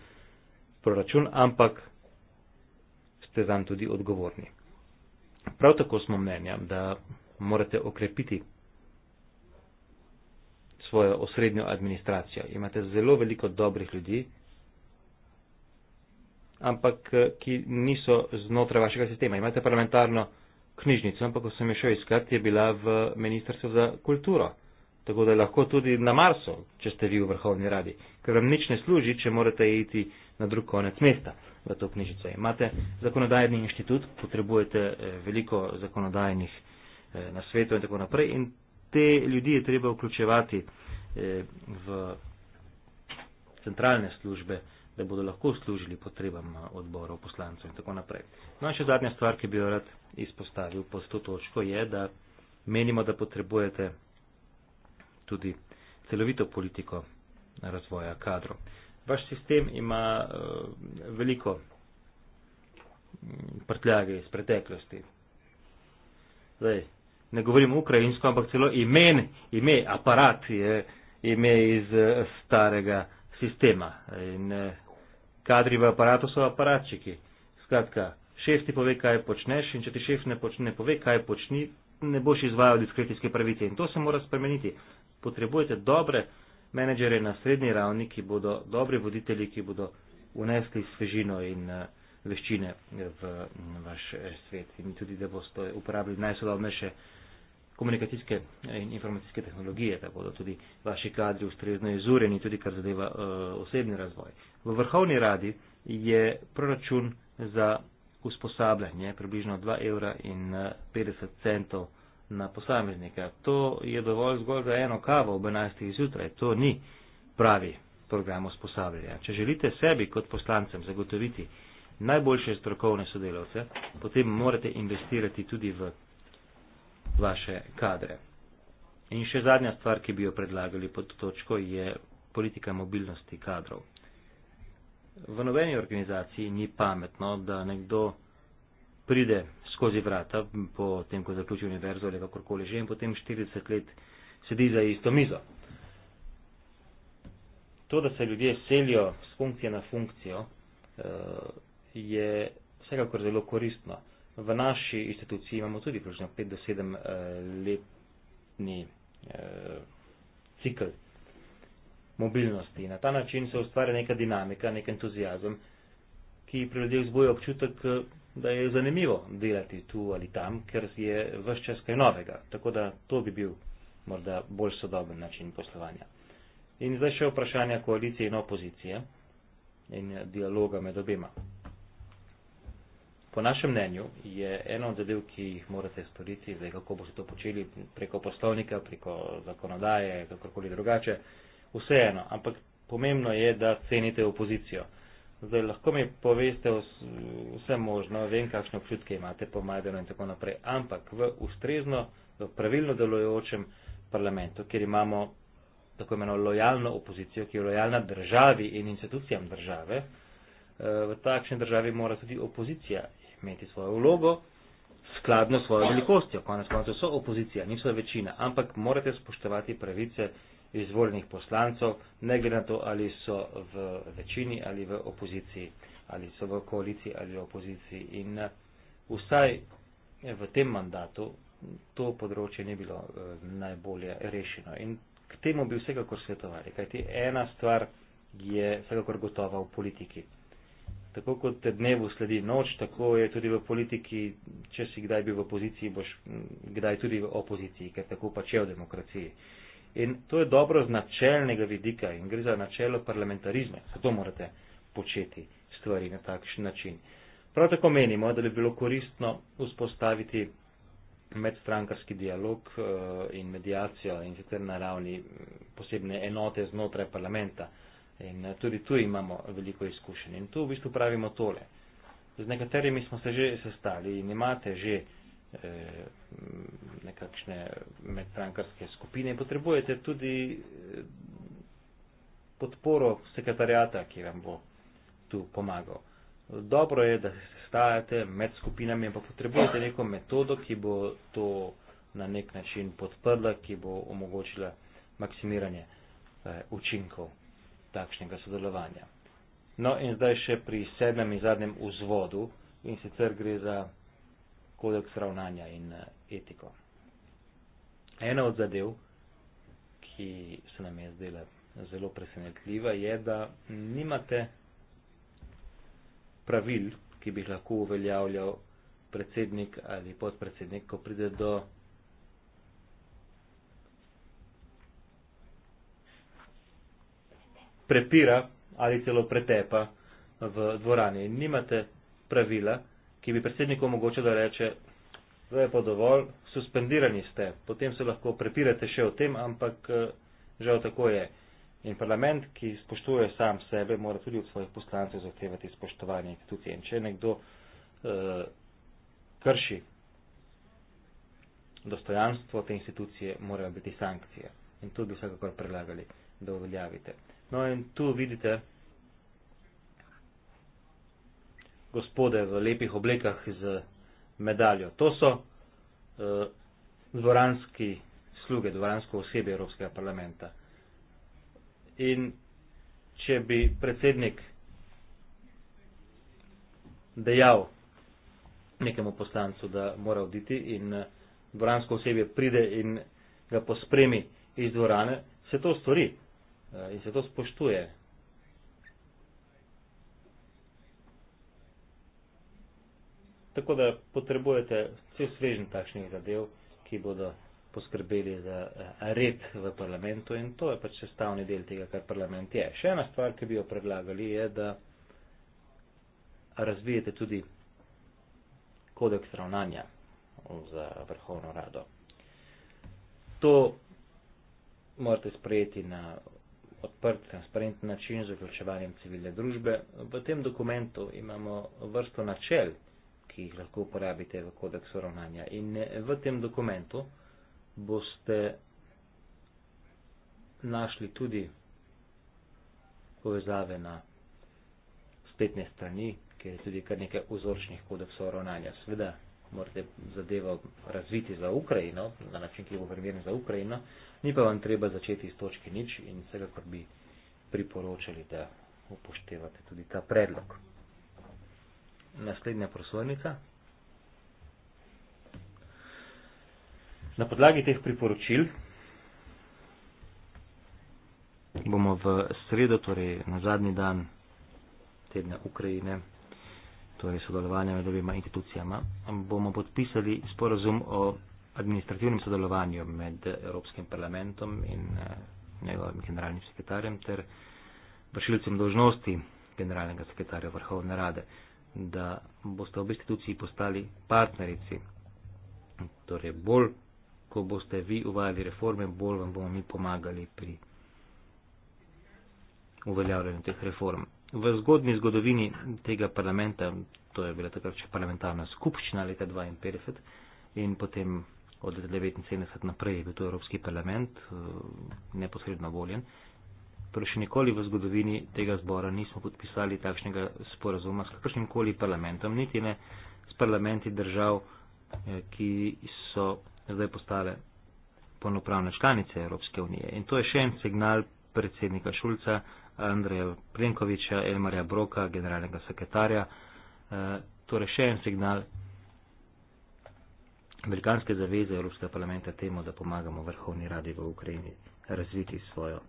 proračun, ampak ste zanj tudi odgovorni. Prav tako smo mnenja, da morate okrepiti svojo osrednjo administracijo. Imate zelo veliko dobrih ljudi, ampak eh, ki niso znotraj vašega sistema. Imate parlamentarno knjižnico, ampak ko sem jo šel iskati, je bila v Ministrstvu za kulturo. Tako da lahko tudi na Marso, če ste vi v vrhovni radi, ker vam nič ne služi, če morate iti na drug konec mesta v to knjižico. Imate zakonodajni inštitut, potrebujete eh, veliko zakonodajnih eh, na svetu in tako naprej. In te ljudi je treba vključevati Eh, v centralne službe, da bodo lahko služili potrebam eh, odborov, poslancev in tako naprej. No in še zadnja stvar, ki bi jo rad izpostavil pod to točko, je, da menimo, da potrebujete tudi celovito politiko razvoja kadrov. Vaš sistem ima uh, veliko mm, prtljage iz preteklosti. Zdaj, ne govorim ukrajinsko, ampak celo imen, ime, aparat je. Uh, ime iz eh, starega sistema. In eh, kadri v aparatu so aparatčiki. Skratka, šef ti pove, kaj počneš in če ti šef ne, počne, ne pove, kaj počni, ne boš izvajal diskretijske pravice. In to se mora spremeniti. Potrebujete dobre menedžere na srednji ravni, ki bodo dobri voditelji, ki bodo unesli svežino in eh, veščine v vaš svet in tudi, da boste uporabili najsodobnejše uh, komunikacijske eh, in informacijske tehnologije, da bodo tudi vaši kadri ustrezno izurjeni, tudi kar zadeva uh, osebni razvoj. V vrhovni radi je proračun za usposabljanje približno 2,50 evra eh, na posameznika. To je dovolj zgolj za eno kavo ob 11. zjutraj. To ni pravi program usposabljanja. Če želite sebi kot poslancem zagotoviti najboljše strokovne sodelavce, potem morate investirati tudi v vaše kadre. In še zadnja stvar, ki bi jo predlagali pod točko, je politika mobilnosti kadrov. V nobeni organizaciji ni pametno, da nekdo pride skozi vrata, potem ko zaključi univerzo ali kakorkoli že, in potem 40 let sedi za isto mizo. To, da se ljudje selijo z funkcije na funkcijo, eh, je vsekakor zelo koristno. V naši instituciji imamo tudi približno 5 do 7 eh, letni eh, cikl mobilnosti. Na ta način se ustvarja neka dinamika, nek entuzijazem, ki pri ljudeh zboja občutek, eh, da je zanimivo delati tu ali tam, ker je vse čas kaj novega. Tako da to bi bil morda bolj sodoben način poslovanja. In zdaj še vprašanja koalicije in opozicije in dialoga med obema. Po našem mnenju je ena od zadev, ki jih morate storiti, zdaj kako boste to počeli preko poslovnika, preko zakonodaje, kakorkoli drugače, vseeno, ampak pomembno je, da cenite opozicijo. Zdaj lahko mi poveste vse možno, vem, kakšne občutke imate po Majdenu in tako naprej, ampak v ustrezno, v pravilno delujočem parlamentu, kjer imamo tako imeno lojalno opozicijo, ki je lojalna državi in institucijam države, eh, v takšni državi mora tudi opozicija imeti svojo vlogo skladno s svojo velikostjo. Konec koncev so opozicija, niso večina, ampak morate spoštovati pravice izvoljenih poslancov, ne glede na to, ali so v večini ali v opoziciji, ali so v koaliciji ali v opoziciji. In eh, vsaj v tem mandatu to področje ni bilo eh, najbolje rešeno. In k temu bi vsekakor svetovali, kajti ena stvar je vsekakor gotova v politiki. Tako kot te dnevu sledi noč, tako je tudi v politiki, če si kdaj bil v opoziciji, boš mm, kdaj tudi v opoziciji, ker tako pač je v demokraciji. In to je dobro z načelnega vidika in gre za načelo parlamentarizma. Zato morate početi stvari na takšen način. Prav tako menimo, da bi bilo koristno vzpostaviti medstrankarski dialog eh, in medijacijo in sicer na ravni mm, posebne enote znotraj parlamenta. In eh, tudi tu imamo veliko izkušenj. In tu v bistvu pravimo tole. Z nekaterimi smo se že sestali in imate že eh, nekakšne medtrankarske skupine in potrebujete tudi eh, podporo sekretarjata, ki vam bo tu pomagal. Dobro je, da se stajate med skupinami, ampak potrebujete neko metodo, ki bo to na nek način podprla, ki bo omogočila maksimiranje eh, učinkov takšnega sodelovanja. No in zdaj še pri sedmem in zadnjem vzvodu in sicer gre za kodeks ravnanja in eh, etiko. Ena od zadev, ki se nam je zdela zelo presenetljiva, je, da nimate pravil, ki bi jih lahko uveljavljal predsednik ali podpredsednik, ko pride do prepira ali celo pretepa v dvorani. In nimate pravila, ki bi predsedniku omogoče, da reče, da je pa dovolj, suspendirani ste. Potem se lahko prepirate še o tem, ampak eh, žal tako je. In parlament, ki spoštuje sam sebe, mora tudi od svojih poslancev zahtevati spoštovanje institucije. In če nekdo eh, krši dostojanstvo te institucije, morajo biti sankcije. In tudi bi vsekakor predlagali, da uveljavite. No in tu vidite gospode v lepih oblekah z medaljo. To so uh, dvoranski sluge, dvoransko osebje Evropskega parlamenta. In če bi predsednik dejal nekemu poslancu, da mora oditi in eh, dvoransko osebje pride in ga pospremi iz dvorane, se to stori. Eh, in se to spoštuje. Tako da potrebujete cel svežen takšnih zadev, ki bodo poskrbeli za eh, red v parlamentu in to je pač sestavni del tega, kar parlament je. Še ena stvar, ki bi jo predlagali, je, da razvijete tudi kodeks ravnanja za vrhovno rado. To morate sprejeti na odprt, transparenten način z vključevanjem civilne družbe. V tem dokumentu imamo vrsto načel, ki jih lahko uporabite v kodeksu ravnanja. In eh, v tem dokumentu boste našli tudi povezave na spletne strani, kjer je tudi kar nekaj vzorčnih kodeksov ravnanja. Sveda, morate zadevo razviti za Ukrajino, na način, ki bo primeren za Ukrajino, ni pa vam treba začeti iz točke nič in vsekakor bi priporočali, da upoštevate tudi ta predlog. Naslednja prosojnica. Na podlagi teh priporočil bomo v sredo, torej na zadnji dan tedna Ukrajine, torej sodelovanja med obima institucijama, bomo podpisali sporozum o administrativnem sodelovanju med Evropskim parlamentom in eh, njegovim generalnim sekretarjem ter vršilcem dožnosti generalnega sekretarja Vrhovne rade, da boste obi instituciji postali partnerici. Torej, bolj, ko boste vi uvajali reforme, bolj vam bomo mi pomagali pri uveljavljanju teh reform v zgodni zgodovini tega parlamenta, to je bila takrat še parlamentarna skupščina leta 52 in potem od 1979 naprej je bil to Evropski parlament eh, neposredno voljen, prvo torej še nikoli v zgodovini tega zbora nismo podpisali takšnega sporazuma s kakršnim koli parlamentom, niti ne s parlamenti držav, eh, ki so zdaj postale polnopravne članice Evropske unije. In to je še en signal predsednika Šulca, Andreja Plenkoviča, Elmarja Broka, generalnega sekretarja. E, torej še en signal Amerikanske zaveze Evropskega parlamenta temu, da pomagamo vrhovni radi v Ukrajini razviti svojo,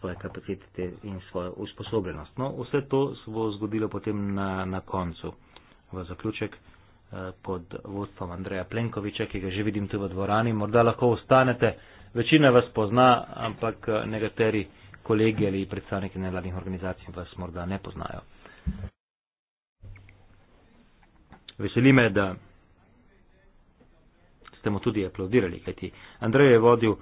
svoje kapacitete in svojo usposobljenost. No, vse to se bo zgodilo potem na, na koncu, v zaključek e, pod vodstvom Andreja Plenkoviča, ki ga že vidim tu v dvorani. Morda lahko ostanete, večina vas pozna, ampak e, nekateri kolegi ali predstavniki nevladnih organizacij vas morda ne poznajo. Veseli me, da ste mu tudi aplaudirali, kajti Andrej je vodil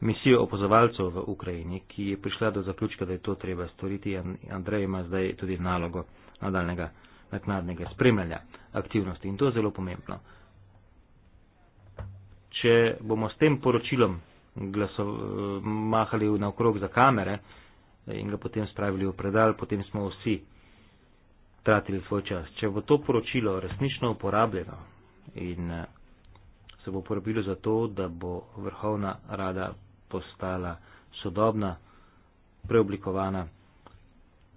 misijo opozovalcev v Ukrajini, ki je prišla do zaključka, da je to treba storiti in Andrej ima zdaj tudi nalogo nadaljnega naknadnega spremljanja aktivnosti in to je zelo pomembno. Če bomo s tem poročilom glasov, mahali naokrog za kamere in ga potem spravili v predal, potem smo vsi tratili svoj čas. Če bo to poročilo resnično uporabljeno in eh, se bo uporabilo za to, da bo vrhovna rada postala sodobna, preoblikovana,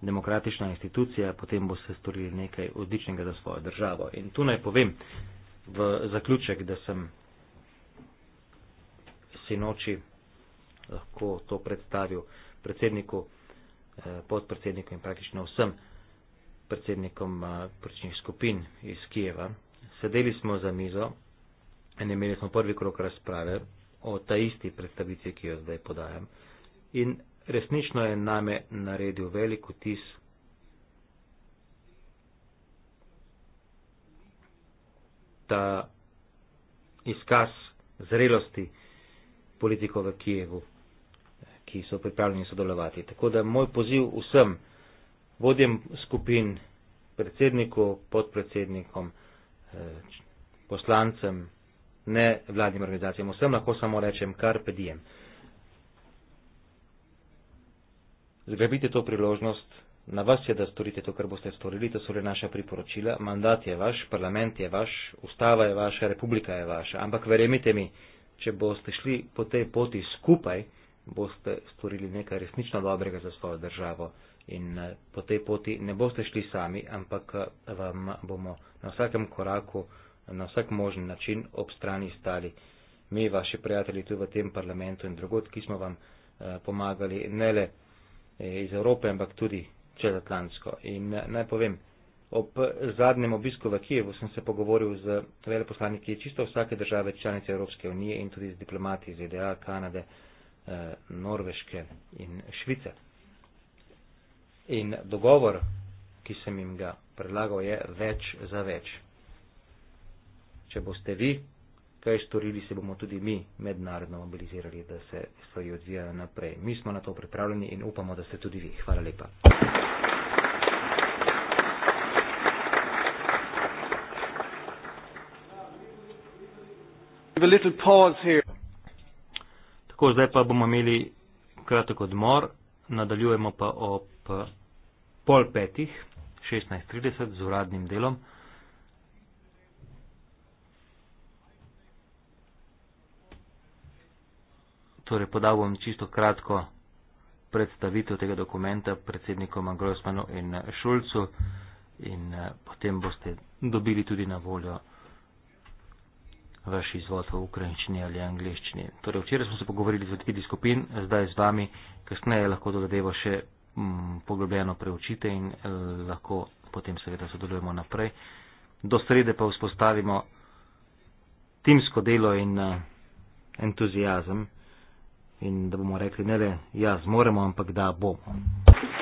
demokratična institucija, potem bo se storili nekaj odličnega za svojo državo. In tu naj povem v zaključek, da sem sinoči lahko to predstavil predsedniku, eh, podpredsedniku in praktično vsem predsednikom eh, pričnih skupin iz Kijeva. Sedeli smo za mizo in imeli smo prvi krok razprave o ta isti predstavici, ki jo zdaj podajam. In resnično je name naredil veliko tis. Ta izkaz zrelosti, politiko v Kijevu, ki so pripravljeni sodelovati. Tako da moj poziv vsem vodjem skupin, predsedniku, podpredsednikom, eh, poslancem, ne vladnim organizacijam, vsem lahko samo rečem, kar pedijem. Zgrabite to priložnost, na vas je, da storite to, kar boste storili, to so le naša priporočila, mandat je vaš, parlament je vaš, ustava je vaša, republika je vaša, ampak verjemite mi, če boste šli po tej poti skupaj, boste storili nekaj resnično dobrega za svojo državo in eh, po tej poti ne boste šli sami, ampak eh, vam bomo na vsakem koraku, na vsak možen način ob strani stali. Mi, vaši prijatelji tu v tem parlamentu in drugot, ki smo vam eh, pomagali ne le iz Evrope, ampak tudi čez Atlantsko. In naj povem, Ob zadnjem obisku v Kijevu sem se pogovoril z veleposlaniki čisto vsake države članice Evropske unije in tudi z diplomati iz ZDA, Kanade, eh, Norveške in Švice. In dogovor, ki sem jim ga predlagal, je več za več. Če boste vi kaj storili, se bomo tudi mi mednarodno mobilizirali, da se stvari odvijajo naprej. Mi smo na to pripravljeni in upamo, da ste tudi vi. Hvala lepa. Tako, zdaj pa bomo imeli kratek odmor, nadaljujemo pa ob pol petih, 16.30 z uradnim delom. Torej, podal bom čisto kratko predstavitev tega dokumenta predsednikom Grossmanu in Šulcu in eh, potem boste dobili tudi na voljo vaš izvod v ukrajinščini ali angliščini. Torej, včeraj smo se pogovorili z odkidi skupin, zdaj z vami, kasneje lahko to zadevo še m, mm, poglobljeno preučite in eh, lahko potem seveda sodelujemo naprej. Do srede pa vzpostavimo timsko delo in eh, entuzijazem in da bomo rekli ne le, ja, zmoremo, ampak da bomo.